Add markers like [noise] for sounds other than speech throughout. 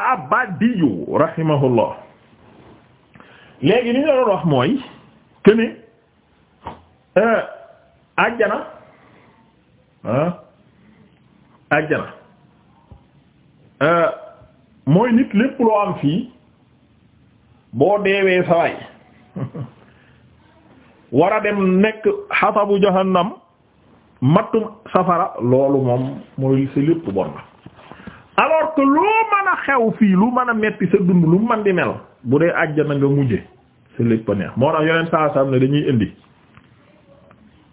abadiyu rahimahullah léegi li ñu wax mooy que ne euh, ajjana ajjana euh, mooy nit lépp loo am fii boo deewee saway [laughs] war a dem nekk xasabu jahannam mattum safara loolu moom mooy si lépp bon na alors que loo mën a xew fii lu mën a metti sa dund lu mën di mel bu dee àjjana nga mujje sa lépp neex moo tax yoneen saa sam ne dañuy indi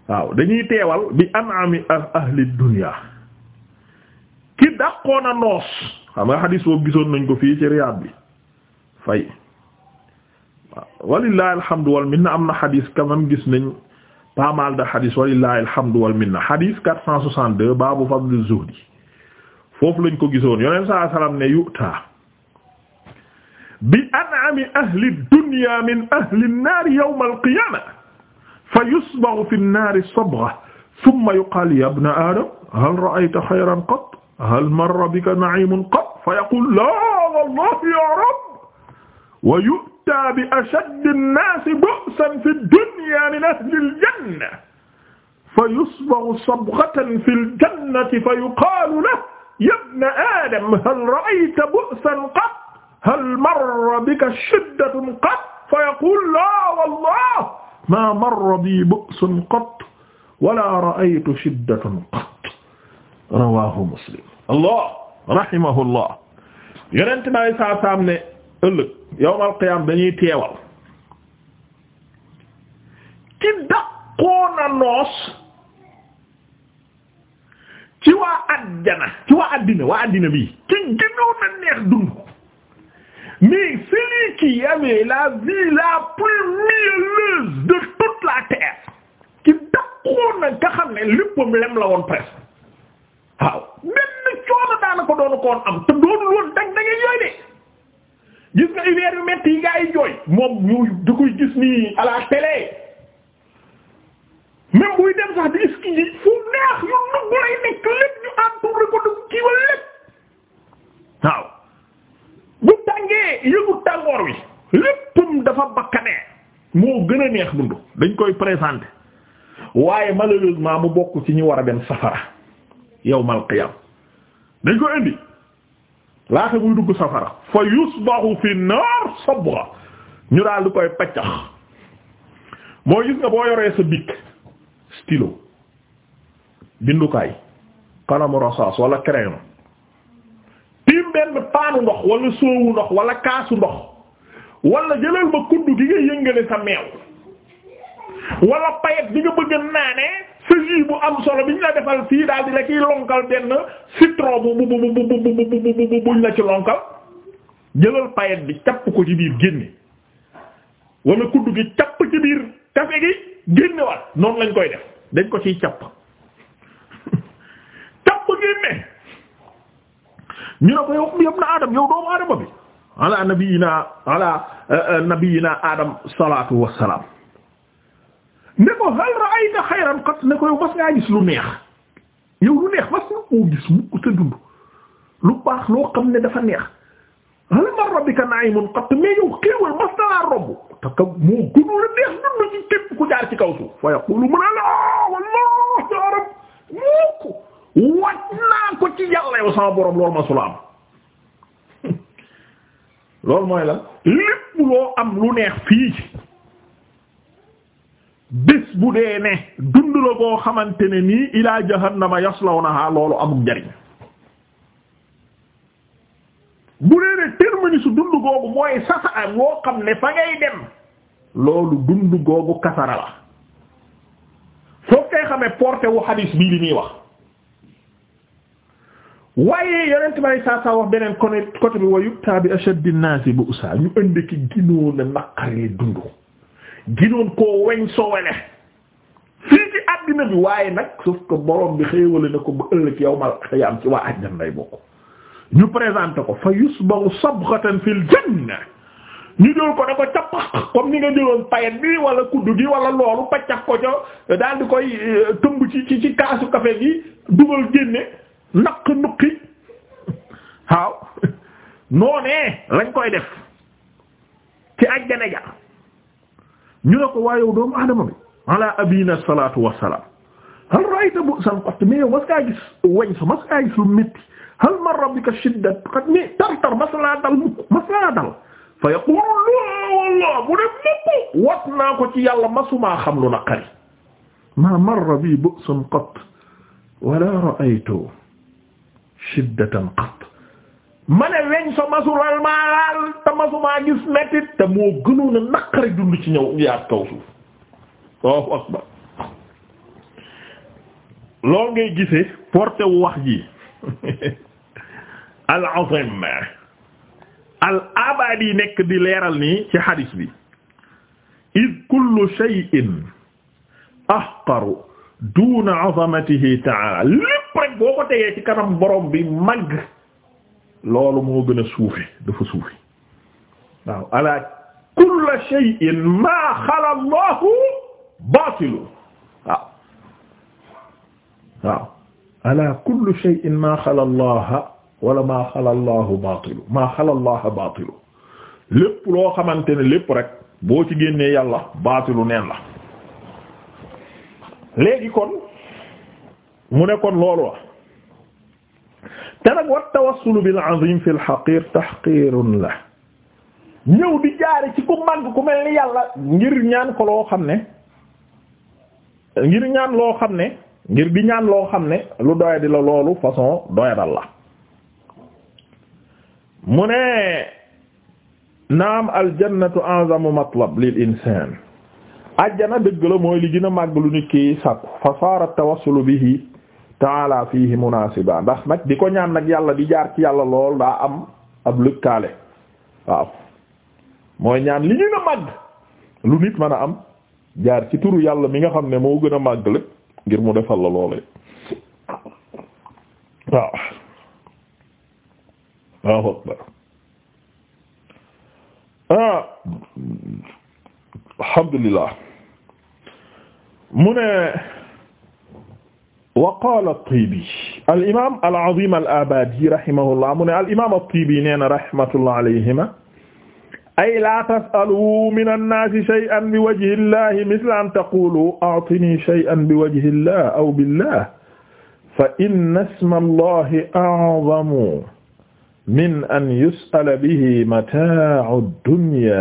waaw dañuy teewal bi an'ami ahli dunya ki dàqoon a noos xam nga xadis boobu gisoon nañ ko fii ci Riyad bi fay walillahi alhamdu wal minna am na xadis quand même gis nañ pas mal de xadis walillahi alhamdu wal minna xadis 462 babu fadl zuhdi foofu lañ ko gisoon yoneen saa salaam ne yu'ta bi an'ami ahli dunya min ahli an-nar yawm al-qiyamah fa yusbaghu fi an-nar sabgha thumma yuqalu ya ibna adam hal ra'ayta khayran qatt hal marra bika na'imun qatt fa yaqulu la wallahi ya rabb wa yu'ta bi ashaddi an-nas bu'san fi ad-dunya min ahli al-jannah fa yusbaghu sabghatan fi al-jannati fa yuqalu lahu yabna adam hal ra'ayta bu'san qat hal marra bika shiddatun qat fa yaqul la wallah ma marra bi bu'sun qat wala ra'aytu shiddatan qat rawahu muslim allah rahimahullah yonent bi alei saat salaam ne ëllëg yawmal qiyaama dañuy teewal ci daqoona noos ci waa àddina ci waa àddina waa àddina bi ci gënoon na neex dund mais celui qui avait la vie la plus mielleuse de toute la terre ci daqoon na nga xam ne léppam lem la woon presque waaw benn coono daana doonu ko am te doonul woon dag da jooy de gis nga hiver yu metti yi gaa jooy moom di koy gis nii à télé même buy dem sax di ski yi fu neex yu nugg lay nekk lépp ñu entouré ko dugg kii wala lépp waaw bu tàngee yëgu tàngoor wi léppam dafa bakkanee moo gën a neex dund dañ koy présenter waaye malheureusement mu bokk ci ñu war a dem safara yow qiyam dañ ko indi laata muy dugg safara fa yusbahu fi naar sabra ñu daal di koy paccax moo gis nga boo yoree sa bikk stylo bindukaay kalamu rasaas wala crayon tiim benn paanu ndox wala soowu ndox wala kaasu ndox wala jëlal ma kuddu gi nga yëngale sa meew wala payet bi nga bëgg naane sa jus bu am solo bi ñu la defal fii daal di la ciy lonkal benn citron bu bu bu bu bu bu buñ la ci lonkal jëlal payet bi capp ko ci biir génne wala kuddu gi capp ci biir kafe gi génne noonu lañ koy def dañ ko ciy capp [laughs] capp génne ñu ne ko yow yëpp adam yow doomu adama bi ala nabiyina ala eh, eh, nabiyina adam salatu wasalaam ne ko hal ra'ayta xayran qat ne yow mas ngaa gis lu neex yow lu neex mas nga koo gis mukk sa dund lu baax loo xam ne dafa neex hal marra bika na'imun qat mais yow xéewal mas na laa te moo gënu la neex dund ci képp ku jaar ci kaw suuf fa yaqulu mu ne laa wallah ya rab moo ko wat ko ci yàlla yow sama borom loolu ma su la am [laughs] loolu mooy la lépp loo am lu neex fii bés bu dee ne dund la koo xamante ne nii ilaa jahannama yaslawnaha loolu amul njariñ bu dee ne ni su mooy woo xam ne fa ngay dem loolu dund li muy wax waaye yonent may saa wax beneen côté bi wa yukta bi ashaddi naasi bu'sa ñu indi ki ginoon a naqaree dund ginoon koo weñ sowele fii ci àddina bi waaye nag sauf que borom bi xéewale na ko ba ëllëg yow mal xëy ci waa àjjan lay bokk ñu présenté ko fa yusbaru sabghatan fil janna ñu jël ko da ko cappax comme ni nga jëloon payet bi wala kuddu gi wala loolu paccax ko ca daal di koy euh, tëmb ci ci ci kaasu café gi dugal génne naq nuqi waaw noonee lañ koy def ci ajjane ja ñu ne ko waayow doomu adama bi ala abina salatu wassalam hal ra'ayta bu san qat mais mas kaa gis wañ sa mas gis lu métti hal min rabbika shiddat xat mi tar tar masalaa dal mukk masalaa dal fa yaqulu la wallah bu def mukk wat naa ko ci yàlla masumaa xam lu naqari ma marra bi bu'sun qatt wala ra'aytu shiddatan qatt ma ne weñ sa masulal maa laal te masumaa gis mettit te moo gënoon a naqari dund ci ñëw yaat kaw suuf Allahu akbar loolu ngay gisee porté wu wax ji [laughs] al azim abadi nekk di leeral nii ci xadis bi id kullu shay'in ahqaru duna azamatihi ta'ala lépp rek boo ko tegee ci kanam borom bi mag loolu moo gën a suufe dafa suufe waaw ala kullu ma xala allahu baatilu waaw waaw ala ma xala allah wala maa xalallaahu baatilu maa xalallaaha baatilu lépp loo xamante ne lépp rek boo ci génnee yàlla baatilu neen la léegi kon mu ne kon loolu la te nag wa tawassulu bil azim fil xaqir tahqirun la ñëw bi jaare ci ku màgg ku mel ni yàlla ngir ñaan ko loo xam ne ngir ñaan loo xam ne ngir di ñaan loo xam ne lu doyadi la loolu façon doyadal la mu ne naam aljannatu a'zamu matlab lil insaan ajjana dëgg la mooy li gën a màgg lu nit ki sàkku fa saara tawassulu bihi ta'ala fihi munaasiba ndax nag di ko ñaan nag yàlla di jaar ci yàlla lool daa am ab lëkkaale waaw mooy ñaan li gën a màgg lu nit mën a am jaar ci turu yàlla mi nga xam ne moo gën a màgg lépp ngir mu defal la loolee waaw Allahu akbar ah alhamdulillah mu ne wa qaala at-Tiibi al-imaam al-aziim al-Abaadi rahimahullah mu ne al-imaam at-Tiibi nee na rahmatullah alayhima ay laa tas'aluu mina n-naasi shay'an bi wajhi llaahi misla an taquuluu a'tinii shay'an bi wajhi llaah aw billaah fa inna isma llaahi a'zamu min an yus'ala bihi mataa'u dunya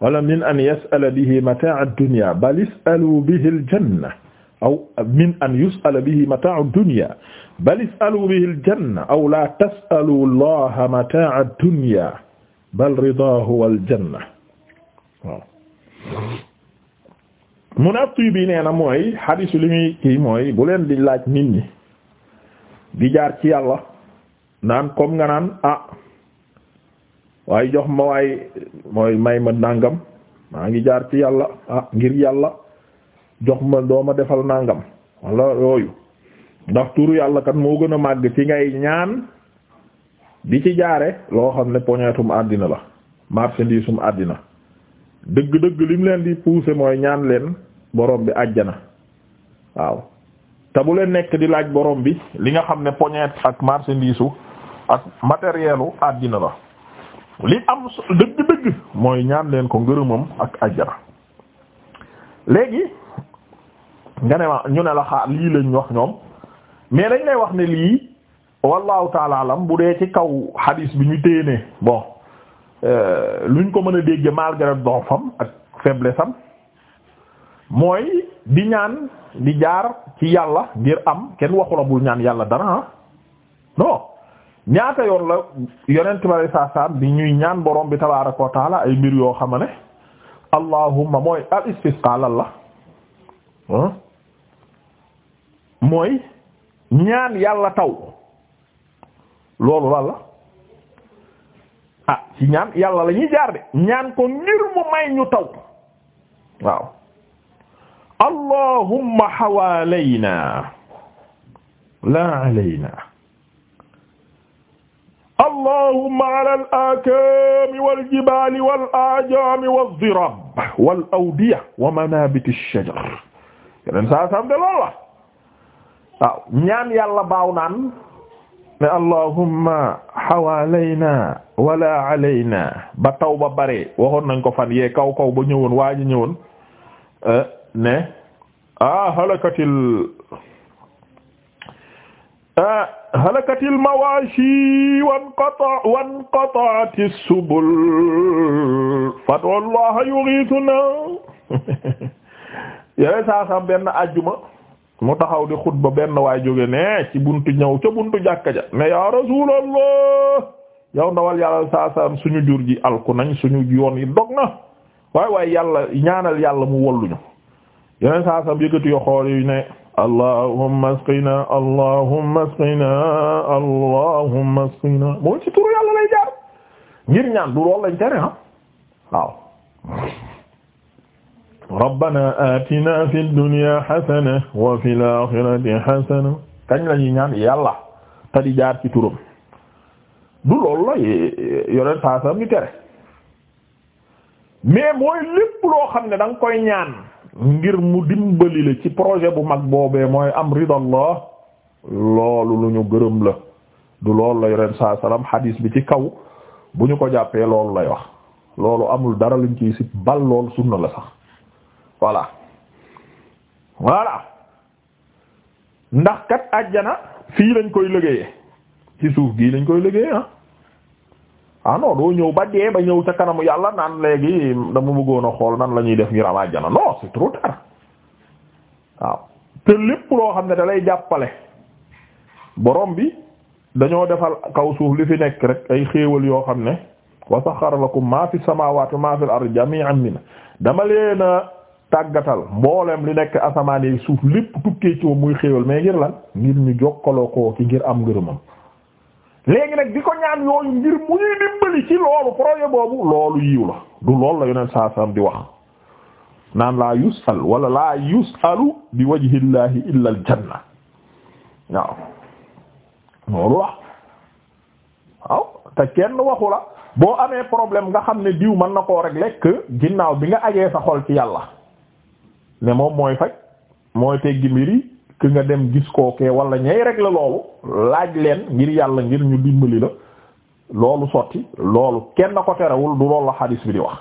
wala min an yas'ala bihi mataa'u dunya bal is'alu bihi al-janna aw min an yus'ala bihi mataa'u dunya bal is'alu bihi al-janna aw la tas'alu Allaha mataa'a dunya bal ridaahu wal janna waaw. munattu bi nee na mooy hadiis li muy kii mooy bu leen di laaj nit ñi di jaar ci yàlla. naan comme nga naan ah waaye jox ma waaye mooy may ma nàngam maa ngi jaar ci yàlla ah ngir yàlla jox ma doo ma defal nàngam wala yooyu ndax turu yàlla kat moo gën a màgg ci ngay ñaan di ci jaare loo xam ne poñeetum àddina la marchandisum àddina dëgg-dëgg lim leen di pousser mooy ñaan leen borom bi àjjana waaw te bu leen nekk di laaj borom bi li nga xam ne poñeet ak marchandisu ak matériel u àddina la li am dëgg-dëgg mooy ñaan leen ko ngërëmam ak ajjana léegi nga ne ma ñu ne la xaar lii lañu wax ñoom mais dañ lay wax ne lii wallahu taala bu dee ci kaw hadis bi ñu téye ne bon euh, luñ ko mën a dégge malgré donfam ak faiblesse mooy di ñaan di jaar ci yàlla ngir am kenn waxula bul ñaan yàlla dara ah ñaata yoon la yonent bi saa saam bi ñuy ñaan borom bi tabaaraka wa ay mbir yoo xam ne allahumma mooy al istisqa lan la mooy ñaan yàlla taw loolu lan la ah ci ñaan yàlla la jaar de ñaan ko ngir mu may ñu taw waaw allahumma xawaalayna la alayna allahumma ala al-akami wal-jibali wal-ajami waz-zirab wal-awdiya wa manabiti ash-shajar ñaan yàlla baaw naan mais allahumma hawalayna wala ba taw ba bare waxoon nañ ko fan yee kaw kaw ba ñëwoon waa eh, ne ah halakatil ah halakatil mawaashi wan qata'ati subul fatwallaha yughithuna [laughs] yore yeneen saa benn ajjuma mu taxaw di xutba benn waay jóge ne ci buntu ñëw ca buntu jàkka ja ne yaa rasuulallah yow ndawal yàlla saa suñu jur ji alku nañ suñu yoon yi dog na waaye waaye yàlla ñaanal yàlla mu wolluñu yore saa saa yëkkati yi ne allahumma asqina allahumma asqina allahumma asqina mooy ci turu yàlla lay jaar ngir ñaan du lool lañ tere ah waaw rabbana atina fi dunya hasana wa fil akhirati hasana kañ lañuy ñaan yàlla te jaar ci turam du loolu la yoneen saasam di tere mais mooy lépp loo xam ne da koy ñaan ngir mu dimbali la ci projet bu mag boobee mooy am ridallah loolu lu ñu gërëm la du loolu la ren saa salaam hadis bi ci kaw bu ñu ko jàppee loolu lay wax loolu amul dara luñ ciy si bal loolu sunna la sax voilà voilà ndax kat àjjana fii lañ koy liggéeyee ci suuf gii lañ koy liggéeyee ah ah non doo ñëw ba dee ba ñëw ca kanamu yàlla naan léegi dama bëggoon a xool nan la ñuy def ngir am àjjana non c'est trop waaw te lépp loo xam ne dalay jàppale borom bi dañoo defal kaw suuf li fi nekk rek ay xéewal yoo xam ne wa saxxara lakum maa fi samaawaati wa dama leen a tàggatal mboolem li nekk asamaan yi suuf lépp tukkee ci moom muy xéewal mais ngir lan ngir ñu jokkaloo ko ci ngir am ngërëmam léegi nag di ko ñaan yooyu ngir mu ñuy dimbali ci loolu projet boobu loolu yiw la du loolu la yoneen saa saam di wax naan laa yusal wala laa yusalu bi wajhillahi illa al janna waaw loolu la waaw te kenn waxu la boo amee problème nga xam ne diw man na koo régler que ginnaaw bi nga ajee sa xol ci yàlla ne moom mooy faj mooy teggi mbir ki nga dem gis kookee wala ñay rek la loolu laaj leen ngir yàlla ngir ñu dimbali la loolu sotti loolu kenn ko terewul du loolu la xadis bi di wax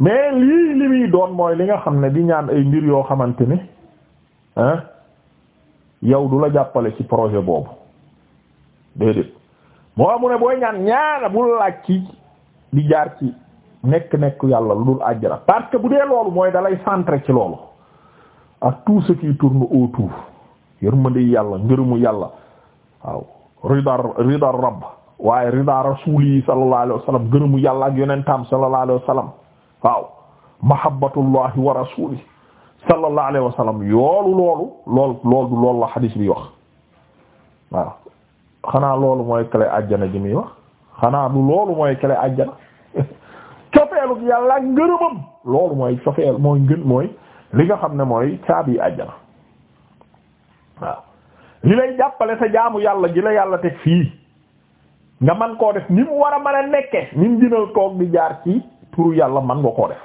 mais lii li muy doon mooy li nga xam ne di ñaan ay mbir yoo xamante ni ah yow du la jàppale ci projet boobu déedéet moo amu ne booy ñaan ñaana bul laaj ci di jaar ci nekk-nekk yàlla lu dul àjjana parce que bu dee loolu mooy dalay centré ci loolu ak tout ce qui tourne autour yërmande yàlla ngërëmu yàlla waaw ridar ridar rabb waaye ridar rasuuli sallallahu alayhi wa sallam ngërëmu yàlla ak yonentam sallallahu alayhi wa sallam waaw mahabbatullahi wa rasuuli sallallahu alayhi wa sallam yoolu loolu lool lool du loolu la xadiis bi wax waaw xanaa loolu mooy clé àjjana ji muy wax xanaa du loolu mooy clé àjjana [laughs] cofeelu yàlla ak ngërëmam loolu mooy cofeel mooy ngën mooy li nga xam ne mooy caabi àjjana waaw li lay jàppale sa jaamu yàlla ji la yàlla teg fii nga man koo def ni mu war a mën a nekke ni mu toog di jaar ci turu yàlla man nga koo def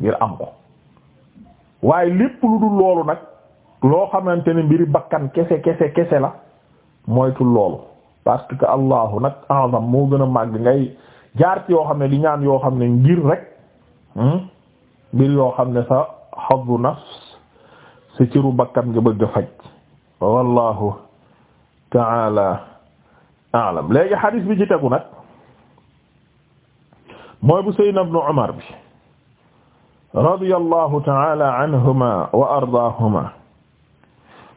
ngir am ko waaye lépp lu dul loolu nag loo xamante ne mbiri bakkan kese kese kese la moytul loolu parce que allahu nag azam moo gën a màgg ngay jaar ci yoo xam ne di ñaan yoo xam ne ngir rek hmm, mbir yoo xam ne sa xaddu nafs sa ciru bakkan nga bëgg a faj wallahu taala aalam léegi xadis bi ci tegu nag mooy bu saydna ibnu umar bi radiyallahu taala anhuma wa ardaahuma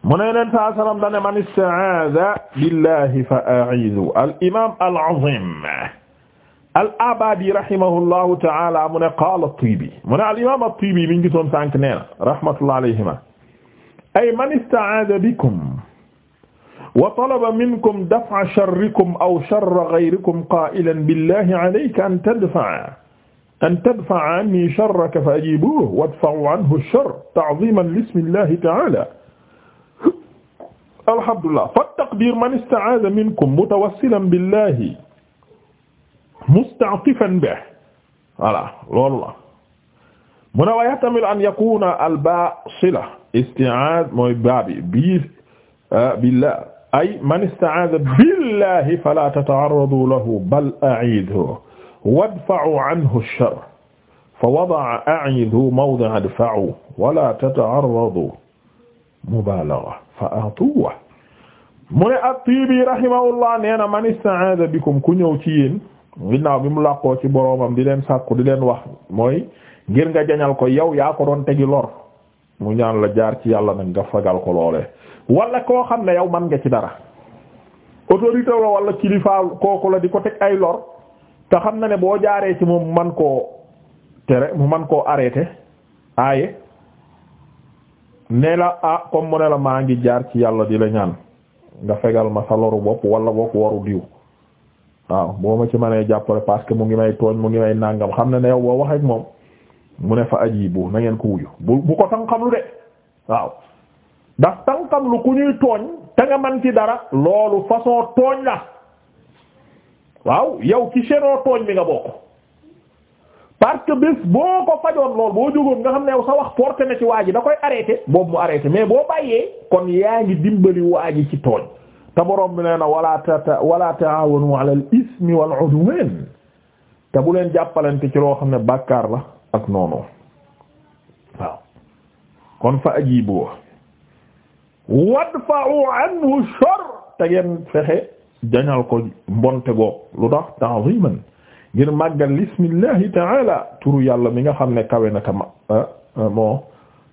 mu ne neen saa sallam dane man isti'aaza billahi fa a'iizu al imaam al azim al abadi rahimahullahu taala mu ne qaala at-Tiibi mu ne al imaam at-Tiibi mi ngi gisoon sànq nee na rahmatullah alayhima ay man ista'aada bikum wa talaba minkum daf'a sharrikum aw sharra ghayrikum qaa'ilan billahi alayka an tadfa'a an tadfa'a anni sharraka fa ajiibuhu wadfa'u anhu ash-sharr ta'ziiman li-ismillahi ta'ala alhamdulillah fa at-taqdiir man ista'aada minkum mutawassilan billahi musta'tifan be voilà loolu la mu ne wa yahtamilu an yakuna al basila isti'aaz mooy baabi bi billah ay man ista'aaza billahi fala tata'arradu lahu bal a'idhu wadfa'u anhu ash-sharr fa wada'a a'idhu mawdi'a idfa'u wala tata'arradu mubalagha fa a'tuhu mu ne at-Tiibi rahimahullah nee na man ista'aaza bikum ku ñëw ci yéen ginnaaw bi mu làqoo ci boroomam di leen sàkku di leen wax mooy ngir nga jañal ko yow yaa ko doon tegi lor mu ñaan la jaar ci yàlla nag nga fagal ko loolee wala koo xam ne yow man nga ci dara autorité la kilifa kooku la di ko ay lor te xam na ne boo jaaree ci moom man koo tere man koo arrêté aaye ne la ah comme mu ne la maa ngi jaar ci yàlla di ñaan nga fegal ma sa loru bopp wala bopp waru diw waaw boo ma ci mënee jàppale parce que mu ngi may tooñ mu ngi may nàngam xam ne ne yow boo waxee ak moom mu ne fa ajibu na ngeen ko wuyu bu bu ko tànqam lu de waaw ndax tànqam lu ku ñuy tooñ te nga man ci dara loolu façon tooñ la waaw yow ci seenoo tooñ bi nga bokk parce que bés boo ko fajoon lool boo jógoon nga xam ne yaw sa wax porté na ci waa ji da koy arrêté boobu mu arrêté mais boo bàyyee kon yaa ngi dimbali waa ji ci tooñ te borom bi nee na wala ta wala ta'awanu ala al ismi wal udwan te bu leen jàppalante ci loo xam ne bàkkaar la ak noonu waaw kon fa ajibu wadfa'u anhu shar te ngeen fexe jañal ko mbonte goog lu tax ta'ziman ngir màggal lismillahi ta'ala turu yàlla mi nga xam ne kawe na ta ma eh, eh, moo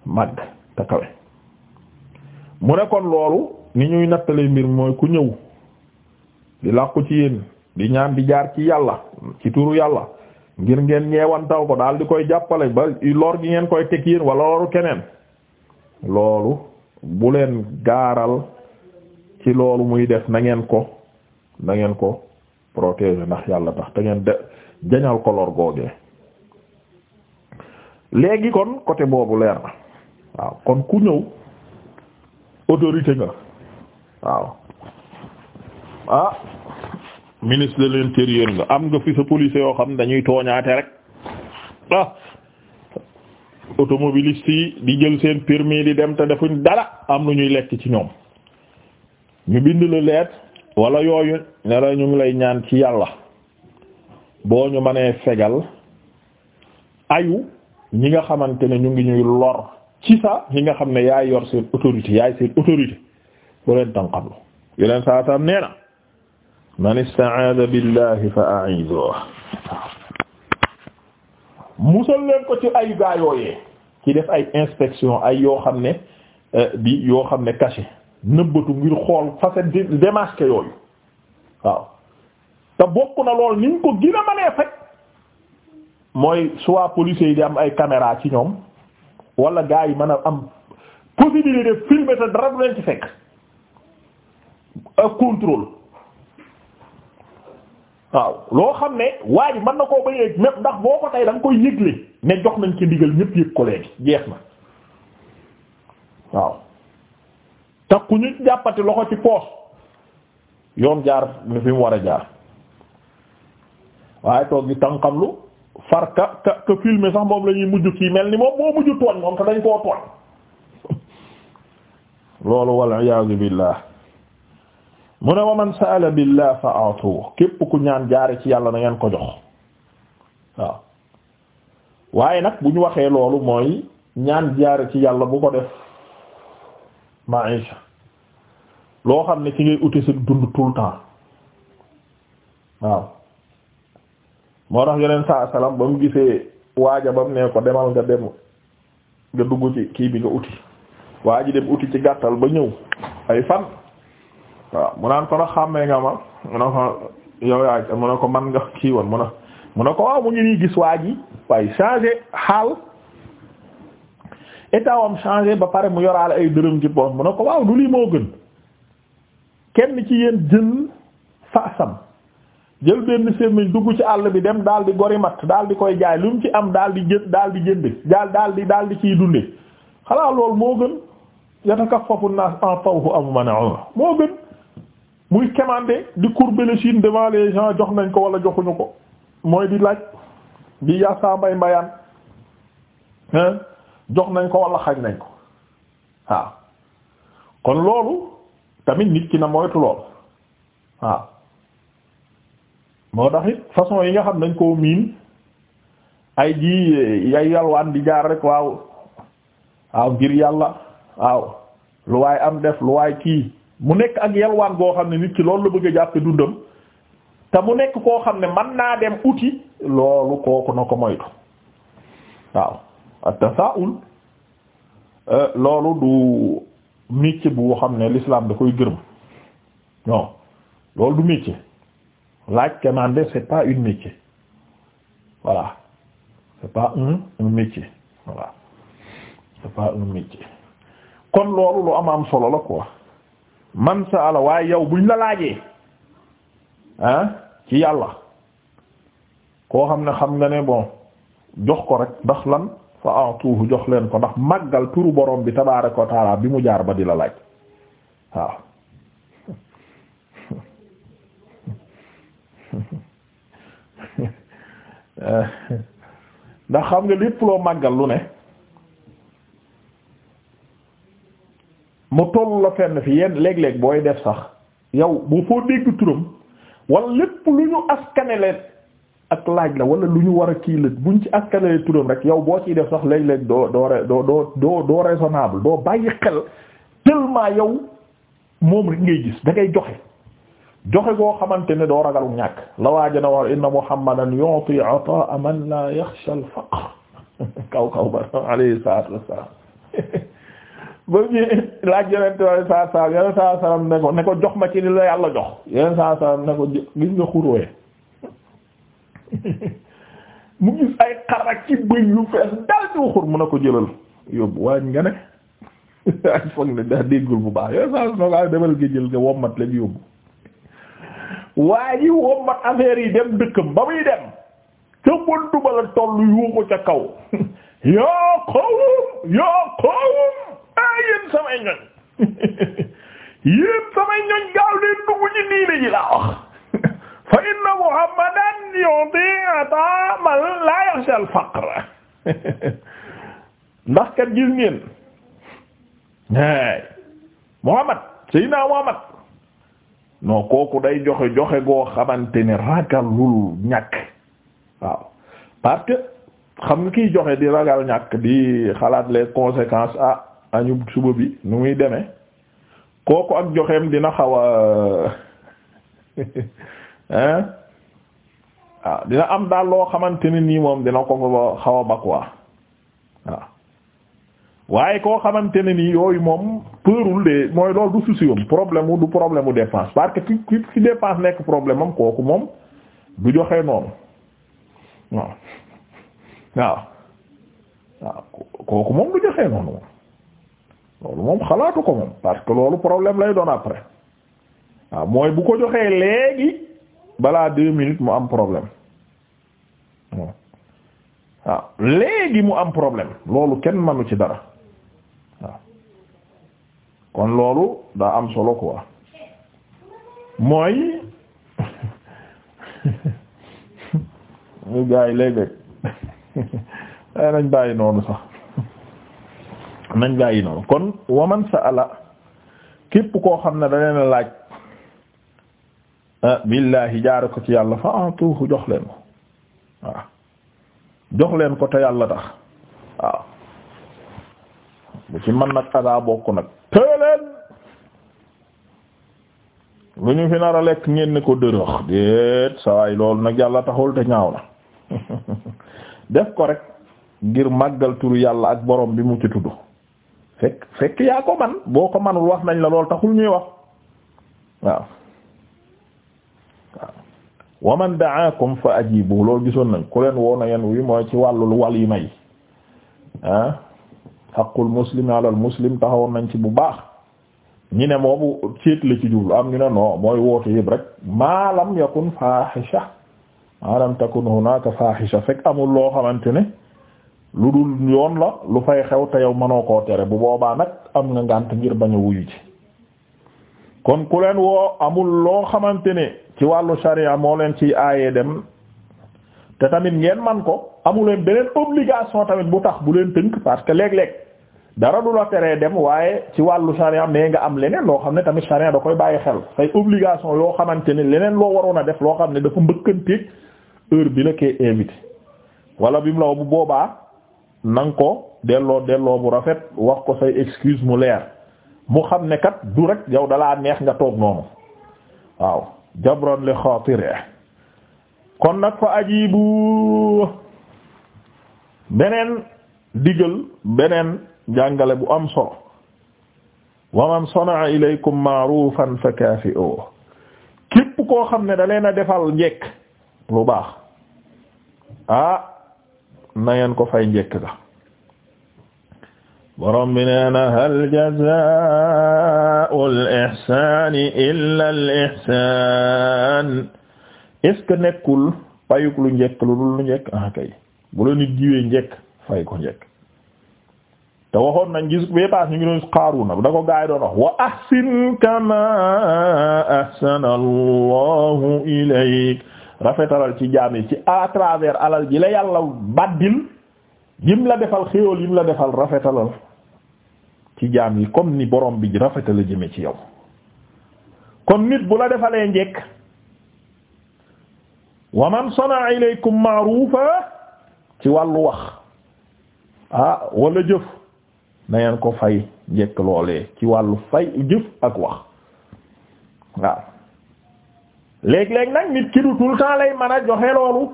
màgg te kawe mu ne kon loolu ni ñuy nattalee mbir mooy ku ñëw di làqu ci yéen di ñaan di jaar ci yàlla ci turu yàlla ngir ngeen ñeewantaw ko daal di koy jàppale ba lor gi ngeen koy teg yéen wala loru keneen loolu bu leen gaaral ci loolu muy def na ngeen ko na ngeen ko protéger ndax yàlla tax te ngeen de jañal ko lor googee léegi kon côté boobu leer na waaw kon ku ñëw autorité nga waaw a ah. ministre de l'intérieur nga am nga fi sa police yoo xam dañuy tooñaate rek ah automobiliste yi di jël seen permis di dem te defuñ dara am lu ñuy lekk ci ñoom ñu bind la leet wala yooyu ne la ñu ngi lay ñaan ci yàlla boo ñu mënee fegal ayu ñi nga xamante ne ñu ngi ñuy lor ci sa ñi nga xam ne yaay yor seen autorité yaay seen autorité bu leen tànqamlu yeneen saa saam nee man istaada billahi fa a'izuhu musal leen ko ci ay gaa yooyee ci def ay inspection ay yoo xam ne bi eh, yoo xam ne caché nëbbatu ngir xool facette démasqué yooyu waaw te bokk na lool niñ ko gën a mënee faj mooy soit policiers yi di am ay caméra ci ñoom wala gaa yi mën a am possibilité de filmer te dara du leen ci fekk ak contrôle waaw loo xam ne waa ji mën na koo bañ a même ndax boo ko tey da nga koy yëgle ne jox nañ ko ndigal ñëpp yëg ko léegi jeex na waaw te ku ñu jàppati loxo ci poos yoon jaar ni fi mu war a jaar waaye toog gi lu far ka ka ka filmer sax moom la mujj kii mel ni moom moo mujj tooñ moom te dañ koo tooñ [laughs] loolu wal iyaazu mu ne wa man sa sa'ala billah fa a'tuhu képp ku ñaan jaare ci yàlla na ngeen ko jox waaw waaye nag bu ñu waxee loolu mooy ñaan jaare ci yàlla bu ko def ma'isha loo xam ne ci ngay uti si dund tout temps waaw moo tax yeneen saa salaam ba mu gisee waaja ba mu ne ko demal nga dem nga dugg ci kii bi nga uti waa ji dem uti ci gàttal ba ñëw ay fan waaw mu naan ko nag xàmmee nga ma mu ne ko yow yaa mu man nga kii woon mu ne mu ne ko waaw mu ngi nii gis waa ji waaye changé xaal état wam changé ba pare mu yoraale ay dërëm ci poos mu ne ko waaw du lii moo gën kenn ci yéen jël faasam jël benn semmiñ dugg ci àll bi dem daal di gori mat daal di koy jaay lu mu ci am daal di jë daal di jënd daal daal di daal di ciy dunde xalaa loolu moo gën yatakaffafu an-nas an tawhu aw man'u moo gën muy quémander di courber l'échine devant les jox nañ ko wala joxuñu ko mooy di laaj di yaasaa mbay mbayaan jox nañ ko wala xañ nañ ko waaw kon loolu tamit nit ki na moytu lool waaw moo taxit it façon yi nga xam nañ koo miin ay di yay yalwaan di jaar rek waaw waaw ngir yàlla waaw lu waay am def lu waay kii mu nekk ak yalwaan goo xam ne nit ki loolu la bëgg a jàppe dundam te mu nekk koo xam ne man naa dem uti loolu kooku na ko moytu waaw at-tasaa'ul euh, loolu du métier bu xam ne l'islam da koy gërëm non loolu du métier laaj commandé c'est pas une métier voilà c'est pas un un métier voilà c'est pas kon loolu lu am am solo la ko quoi. man sa ala waaye yow buñ la laajee ah ci yàlla koo xam ne xam nga ne bon jox ko rek ndax lan fa atuhu jox leen ko ndax màggal turu borom bi tabaaraka wa bi mu jaar ba di la laaj waaw [laughs] eh, ndax xam nga lépp loo màggal lu ne mu toll la fenn fi yenn léeg-léeg booy def sax yow boo foo dégg turam wala lépp lu ñu askanele ak laaj la wala lu ñu war a kii la buñ ci askanele turam rek yow boo ciy def sax léeg-léeg doo doo doo doo doo doo raisonnable doo bàyyi xel tellement yow moom rek ngay gis da joxe joxe goo xamante ne doo ragalu ñàkk la waaja na war inna muhammadan yu'ti 'ata'a man la yakhsha al-faqr [laughs] kaw kaw ba alayhi salatu wassalam [laughs] ba laaj yonent bi saa saa yonent saa salaam ne ko ne ko jox ma ci li la yàlla jox yonent saa salaam ne ko gis nga xurooye [laughs] mu gis ay xar ak ci bëñ yu fees dal ci xur mun a ko jëlal yóbbu waaye nga ne [laughs] ay foog ne daa déggul bu baax yonent saa salaam waaye ah, demal nga jël nga wommat leen yóbbu waaye yi wommat affaire yi dem dëkkam ba muy dem ca buntu ba la tollu yuuxu ca kaw [laughs] yaa qawm yaa qawm ah yéen samay ñoñ [laughs] yéen samay ñoñ gaaw leen dugg ci diine ji laa wax [laughs] fa inna muhammadan yu'ti ata man la yakhsha al [laughs] ndax kat gis ngeen muhammad sayyidina muhammad non kooku day joxe joxe goo xamante ne ragalul ñàkk waaw parce que xam nga kiy joxe di ragal ñàkk di xalaat les conséquences ah añu suba bi nu muy demee kooku ak joxeem dina xaw a [laughs] hein waaw ah, dina am daal loo xamante ni nii moom dina ko fa xaw a bakkuwaa waaw waaye koo xamante ne nii yooyu moom përul de mooy loolu du souci problème wu du problème mu parce que ki ki ki dépense nekk problème am kooku moom du joxe noonu waaw [laughs] waaw waaw kooku moom du joxe noonu moom. loolu moom xalaatu ko moom parce que loolu problème lay doon après waaw mooy bu ko joxee léegi balaa deux minutes mu am problème waaw léegi mu am problème loolu kenn manu ci dara waaw kon loolu daa am solo quoi mooy ñu [laughs] gars yi léeg [laughs] nañ bàyyi noonu sax nañ bàyyi noonu kon waman sa'ala képp koo xam ne da leen laaj ah, billaahi jaare ko ci yàlla fa atuhu jox leen ko leen ko te yàlla tax waaw bu ci man nag adaa bokk nag tëleen lu ñu fi nar lekk ngeen ne ko dërëx déet sawaay loolu nag yàlla taxul te ñaaw na [laughs] def ko rek ngir màggal turu yàlla ak borom bi mu ci tudd fekk fekk yaa ko man boo ko manul wax nañ la lool taxul ñuy wax waaw waaw wa man da'akum fa ajibu loolu gisoon nañ ku leen woo na yen wi mooy ci wàllul wal yi may ah xaqul muslim alal muslim taxawoon nañ ci bu baax ñi ne moomu céet la ci jublu am ñu ne non mooy woote yëpp rek maalam yakun faahisha maalam takun hunaka faahisha fekk amul loo xamante ne lu dul yoon la lu fay xew te yow mënoo koo tere bu boobaa nag am nga ngànt ngir bañ a wuyu ci kon ku leen woo amul loo xamante ne ci wàllu sharia moo leen ci aayee dem te tamit ngeen man ko amuleen beneen obligation tamit bu tax bu leen tënk parce que léeg-léeg dara du la teree dem waaye ci wàllu sharia mais nga am leneen loo xam ne tamit sharia da koy bàyyi xel say obligation yoo xamante ne leneen loo waroon a def loo xam ne dafa mbëkkanteeg heure bi bi mu la bu boobaa nang ko delloo delloo bu rafet wax ko say excuse mu leer mu xam ne kat du rek yow dalaa neex nga toog noonu waaw jabran li xaatire kon nag fa ajibu beneen digal beneen jàngale bu am solo wa man sanaa ilaykum ma'rufan fa kaafi'u képp koo xam ne da leen a defal njekk lu baax ah na ngeen ko fay njëkk ga borom bi nee na hal jazaa'ul ihsaani illa al ihsaan est-ce que nekkul payuk lu njëkk lu dul lu njëkk ah kay bu la nit jiwee njëkk fay ko njëkk te waxoon nañ gis bee paas ñu ngi doon Qaaruna da ko gaay doon wax wa ahsin kama ahsana allahu ilayk rafetalal ci jaam yi ci à travers alal ji la yàlla baddil yim la defal xéewal yim la defal rafetalal ci jaam yi comme ni borom bi rafetala jëme ci yow kon nit bu la defalee njekk wa man sanaa ilaykum ma'rufa ci wàllu wax ah wala jëf na ngeen ko fay njekk loolee ci wàllu fay jëf ak wax waaw léegi léeg nag nit ki du tout a joxe loolu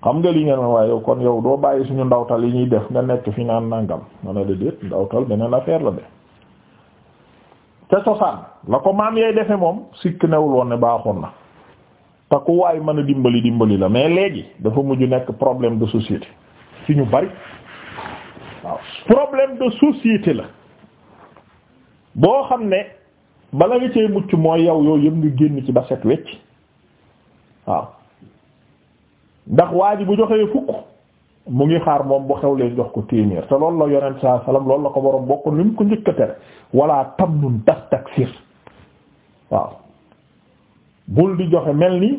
xam nga li ngeen waaye yow kon yow doo bàyyi suñu ndawtal yi ñuy def nga nekk fi naan nangam man a déedéet ndawtal beneen affaire la de te cosaan la ko maam yay defe moom sikk newul woon ne baaxoon na te ku waay mën a dimbali dimbali la mais léegi dafa mujj nekk problème de société ci ñu bari waaw problème de société la boo xam ne bala nga cee mucc mooy yow yow yëpp nga génn ci ba set wecc waaw ndax waa ji bu joxee fukk mu ngi xaar moom bu xew leen jox ko téeméer te loolu la yonent saa salaam loolu la ko borom bokk ni mu ko njëkk a tere walla tam nun tas taksir waaw bul di joxe mel ni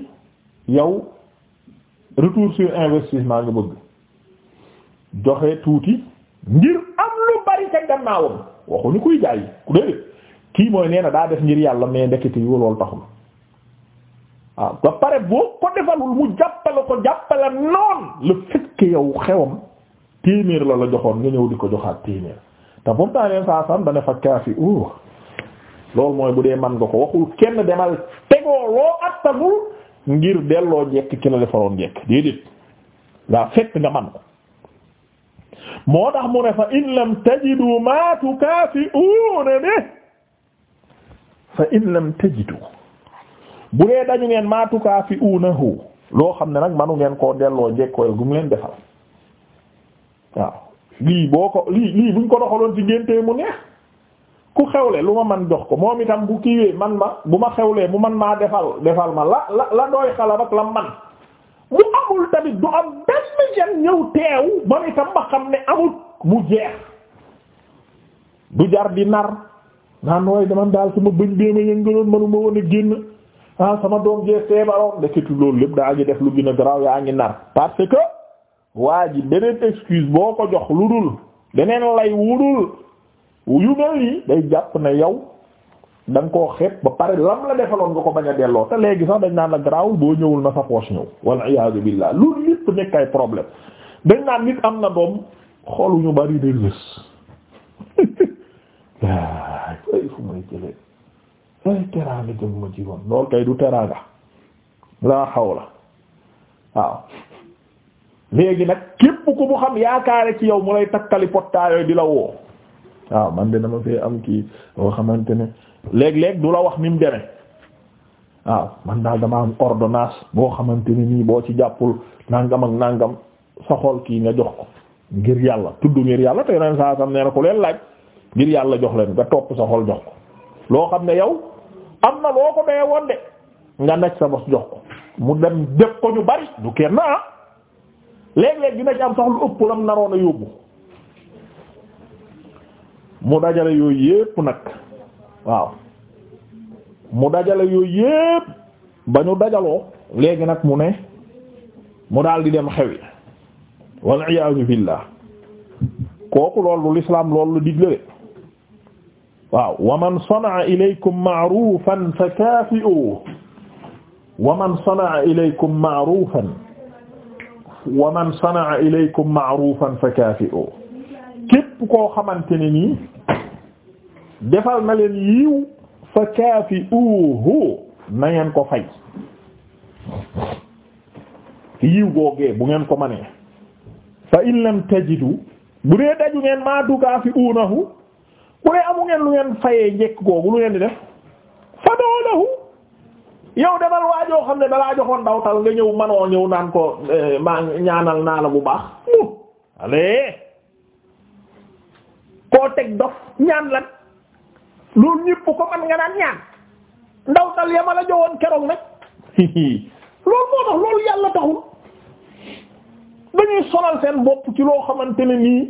yow retour sur investissement nga bëgg joxe tuuti ngir am lu bari ca gannaawam waxuñu kuy jaay ku déedéet kii mooy nee na daa def ngir yàlla mais ndekete yu loolu taxul waaw ba pare boo ko defalul mu jàppale ko jàppale noonu le fait que yow xewam téeméer la la joxoon nga ñëw di ko joxaat téeméer te pourtant leen saa sam dana fa kaafi uh loolu mooy bu dee man nga ko waxul kenn demal tegoo loo attanul ngir delloo njekk ki la defaroon njekk déedéet daa fekk nga man ko moo tax mu ne fa in lam tajidu ma tukaafi'una fa in lam tajidu bu dee dañu ngeen maatukaa fi unahu loo xam ne nag manu ngeen koo delloo njekkoyel gu mu leen defal waaw lii boo ko lii lii buñ ko doxaloon ci ngéntee mu neex ku xewle lu ma man jox ko moom itam bu kiiwee man ma bu ma xewlee bu man maa defal defal ma la la la dooy xala rek la man mu amul tamit du am benn gen ñëw teew man itam ma xam ne amul mu jeex du jar di nar naan nooy dama daal sama bëñ bee ma yëngaloon manuma woon a génn ah sama doom jee feebaroon ndeketi loolu lépp daa ngi def lu gën a garaaw yaa ngi nar parce que waa ji beneen excuse boo ko jox lu dul beneen lay wudul yu mel nii day jàpp ne yow da koo xeeb ba pare lam la defaloon nga ko bañ a delloo te léegi sax dañ naan la garaawul boo ñëwul na sa poche ñëw wal iyaazu billaah loolu lépp nekk ay problème dañ naan nit am na doom xolu ñu bari de [laughs] ay fu may teraanga jëm ma ci lool kay du teraanga laa xaw la waaw léegi nag képp ku mu xam yaakaare ci yow mu lay takkali pottaayooy di la woo waaw man de dama fee am kii boo xamante ne léeg-léeg du la wax ni mu deme waaw man daal dama am ordonnance boo xamante ne nii boo ci jàppul nangam ak nangam sa xol kii nga jox ko ngir yàlla tudd ngir yàlla te ren saa sam ku leen laaj. ngir yàlla jox leen nga topp sa xol jox ko loo xam ne yow am na loo ko dee woon de nga nekk sa bos jox ko mu dem def ko ñu bari du kenn ah léeg-léeg dina ci am sax lu ëpp lam naroon a yóbbu mu dajale yooyu yépp nag waaw mu dajale yooyu yépp ba ñu dajaloo léegi nag mu ne mu daal di dem xewi wal iyaazu billah kooku loolu l'islam loolu digle de waaw wa man sanaa ilaykum ma'rufan fakaafi'uhu wa man sanaa ilaykum ma'rufan wa man sanaa ilaykum ma'rufan fakaafi'uhu képp koo xamante ne nii defal na leen yiw fakaafi'uhu na ngeen ko fay yiw googee bu ngeen ko mane fa in lam tajidu bu daju ngeen maa tukaafi'unahu bu dee amu ngeen lu ngeen fayee njekk googu lu ngeen di def fadoo lahu yow demal waajoo xam ne dalaa joxoon dawtal nga ñëw manoo ñëw naan ko eh, maa ñaanal naa la bu baax mu ale koo teg dof ñaan lan loolu ñépp ko man nga naan ñaan ndawtal ya ma joxoon keroog nag [laughs] loolu moo tax loolu yàlla taxul dañuy solal seen bopp ci loo xamante ne nii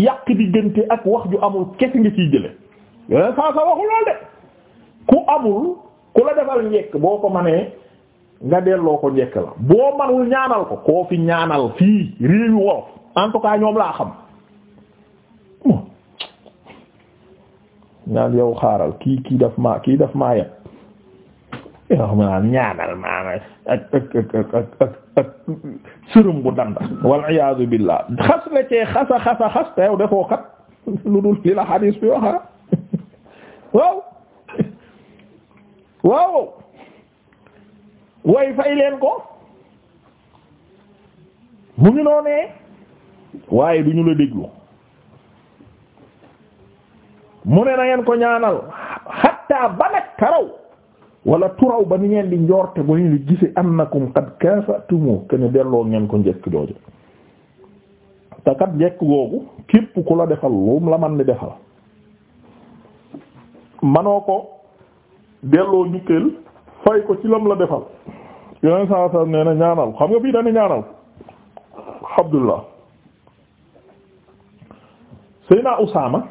yàq diggante ak wax ju amul kese nga ciy jële yoneen saa sa waxu lool de ku amul ku la defal njekk boo ko manee nga delloo ko njekk la boo manul ñaanal ko koo fi ñaanal fii réewi wolof en tout ñoom laa xam ñaan yow xaaral kii kii daf maa kii daf maa yet yow maanaam ñaanal maanaam ak sërëm bu danda wal iyaadu billah xas la xasa xasa xas te yow defoo kat lu dul li la xadiis bi waxa waaw waaw way fay leen ko mu ngi noonee waaye du ñu la déglu mu ne na ko ñaanal xatta ba nag karaw wala turaw ba ni ngeen di njoorte ba ñu gise annakum qad kaafatumu kenn delloo ngeen ko njekk jooju te kat njekk googu képp ku la defal lum la man ni defal manoo ko delloo njukkeel fay ko ci lam la defal yeneen saa saa nee ñaanal xam nga bii dañu ñaanal Abdullah Seyna Usaama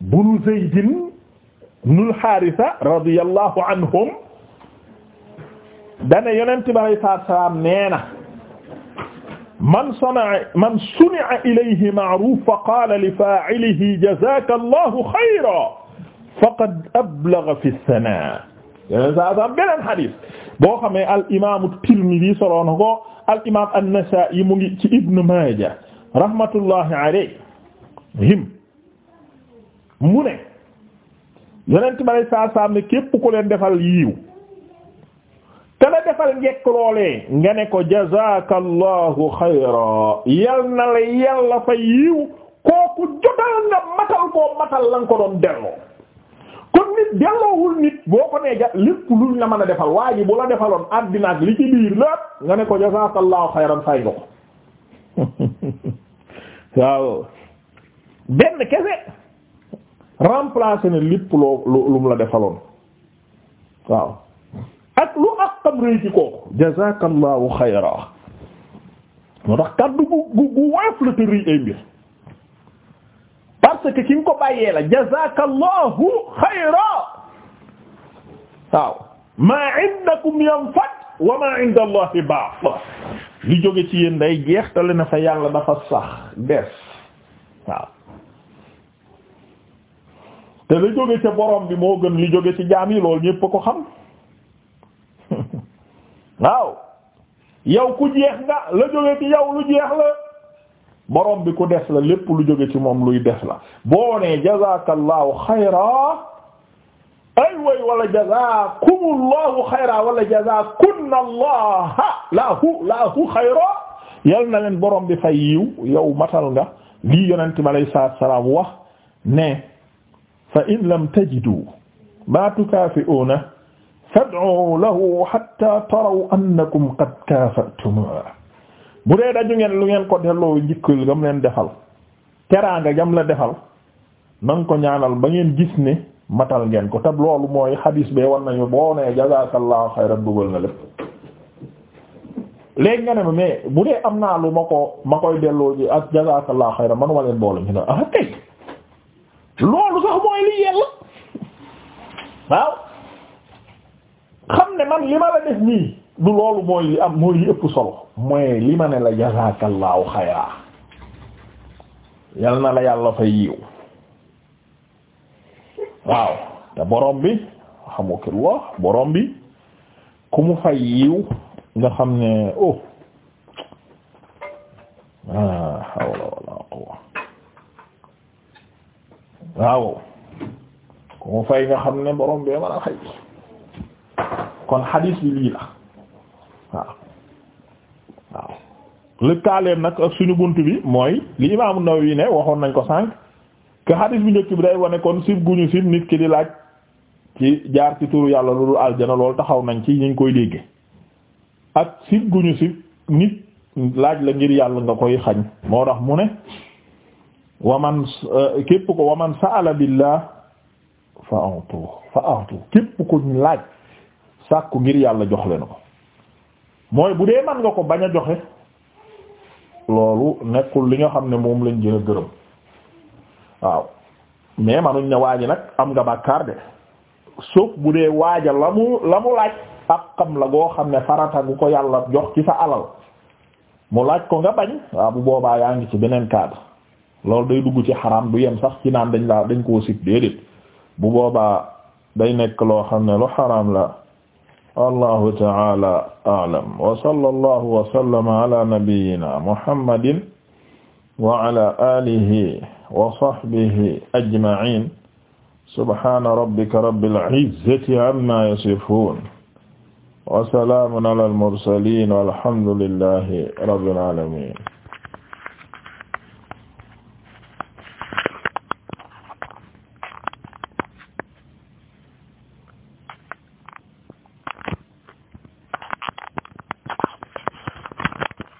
bunu Zaydin nul xaarisa radiyallahu anhum dane yonent bi alayhi salaam nee na man sana'a man suni'a ilayhi ma'ruf fa qaala li faa'ilihi jazaaka allahu xayran faqad ablagha fi sanaa yeneen saa saam beneen xadis boo xamee al imaamu Tirmidi solo na ko al imaam an-Nasaa'i mu ngi ci Ibn Maaja rahmatullahi alayhim mu ne yonent ba lay saa saam ne képp ku leen defal yiiw te la defal njekk loolee nga ne ko jazaakallahu xayra yal na la yàlla fa yiiw kooku jotal nga matal koo matal la nga ko doon delloo kon nit delloowul nit boo ko nee ja lépp luñ la mën a defal waa ji bu la defaloon àddina ak li ci biir lépp nga ne ko jazaakallahu xayran fay nga ko [laughs] waaw benn kese remplacé na lépp loo lu mu la defaloon waaw ak lu ak xam réy ci kooku jazakallahu xayra moo tax kaddu gu gu gu waaf la te réy ay mbir parce ki nga ko bàyyee la jazakallahu waaw maa indakum yanfad wa maa inda allahi baaq li jóge ci yéen day jeextale na fa yàlla dafa sax des te la jóge ca borom bi moo gën li jóge ci jaam yi loolu ñépp a ko xam [laughs] waaw yow ku jeex nga la jóge ci yow lu jeex la borom bi ku des la lépp lu jóge ci moom luy des la boo nee jazaakallahu xayra ay way wala jazaakumullahu xayra wala jazaakunna allaha lahu xayra yal na leen borom bi fay yiw yow matal nga lii yonent mi alayhi salaatu salaam wax ne fa in lam tajidu ma tukaafi'uuna fad'u lahu hatta taraw annakum qad kaafa'tumuuh bu dee daju ngeen lu ngeen ko delloo njikkal gam leen defal teraanga jam la defal nanga ko ñaanal ba ngeen gis ne matal ngeen ko tab loolu mooy xadiis bee war nañu boo nee jazaakallahu xayran dugal na lépp léegi nga ne ma mais bu dee am naa lu ma ko ma koy delloo ji ak jazaakallahu xayran man waleen boolu ñu ne ah kay sax mooy waaw xam ne man li ma la def nii du loolu mooy am mooy li ëpp solo mooy li ma ne la jazaakallahu xayra yal na la yàlla fay yiw waaw te borom bi alhamdulillah borom bi ku mu fay yiw nga xam ne oh ah waaw ku mu fay nga xam ne borom bee mën a fay kon xadiis bi lii la waaw waaw lëkkaaleen nag ak suñu bunt bi mooy li Imaam An-Nawawi ne waxoon nañ ko sànq que xadiis bi njëkk bi day wane kon sib guñu sib nit ki di laaj ci jaar ci turu yàlla lu dul aljana loolu taxaw nañ ci ñu ngi koy dégge ak sib guñu sib nit laaj la ngir yàlla nga koy xañ moo tax mu ne man euh, képp ko waman sa'ala billah fa a'tu fa a'tu képp ko laaj sàkku ngir yàlla jox leen ko mooy bu dee man nga ko bañ a joxe loolu nekkul li nga xam ne moom lañ jën a gërëm waaw mais manuñ ne waaji nag am nga bàkkaar de sauf bu dee waaja la mu la mu laaj ak xam la goo xam ne farata gu ko yàlla jox ci sa alal mu laaj ko nga bañ waaw bu boobaa yaa ngi ci beneen cadre loolu day dugg ci xaraam du yem sax ci naan dañ laa dañ koo sib déedéet bu boobaa day nekk loo xam ne lu xaraam la wallahu taala aalam wa sallallahu wa sallama ala nabiyyina muhammadin wa ala alihi wa sahbihi ajma'in subhana rabbika rabbil izzati amma yasifun wa salamun ala al mursalin walhamdulillahi rabbil alamin